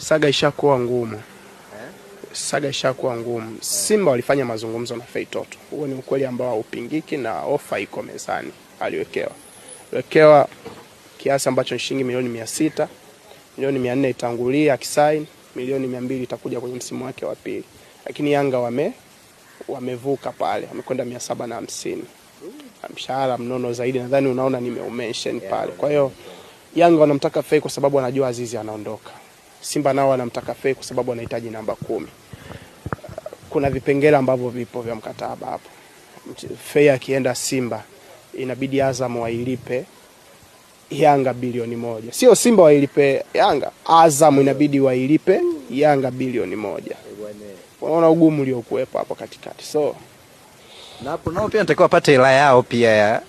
saga ishakuwa ngumu saga ishakuwa ngumu. Simba walifanya mazungumzo na Feitoto, huo ni ukweli ambao haupingiki, na ofa iko mezani. Aliwekewa wekewa kiasi ambacho ni shilingi milioni mia sita milioni mia nne itangulia akisaini, milioni mia mbili itakuja kwenye msimu wake wa pili, lakini Yanga wame wamevuka pale, wamekwenda mia saba na hamsini mshahara mnono zaidi, nadhani unaona nimeumention pale. Kwa hiyo Yanga wanamtaka Fei kwa sababu anajua Azizi anaondoka. Simba nao wanamtaka Fei kwa sababu anahitaji namba kumi. Kuna vipengele ambavyo vipo vya mkataba hapo. Fei akienda Simba inabidi Azam wailipe Yanga bilioni moja, sio Simba wailipe Yanga, Azam inabidi wailipe Yanga bilioni moja. Unaona ugumu uliokuwepo hapo katikati, so na hapo nao pia natakiwa apate hela yao pia ya.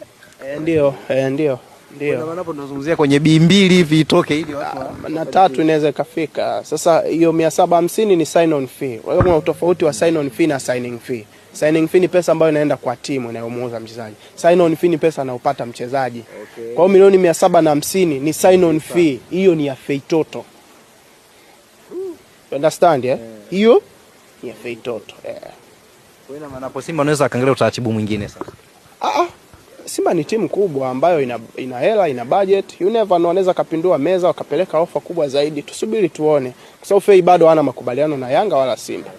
E, ndio e, ndio ndio maanapo tunazungumzia kwenye bii mbili hivi itoke ili watu ah, na tatu inaweza ikafika. Sasa hiyo 750 ni sign on fee. Kwa hiyo kuna utofauti wa sign on fee na signing fee. Signing fee ni pesa ambayo inaenda kwa timu inayomuuza mchezaji. Sign on fee ni pesa anayopata mchezaji. Okay. Kwa hiyo milioni mia saba na hamsini ni sign on fee, hiyo ni ya fee toto. You understand eh? Hiyo yeah. ni ya fee toto. Eh. Yeah. Kwa hiyo maana hapo Simba unaweza akaangalia utaratibu mwingine sasa. Simba ni timu kubwa ambayo ina, ina hela ina budget. You never know, wanaweza kapindua meza wakapeleka ofa kubwa zaidi, tusubiri tuone, kwa sababu Fei bado hana makubaliano na Yanga wala Simba.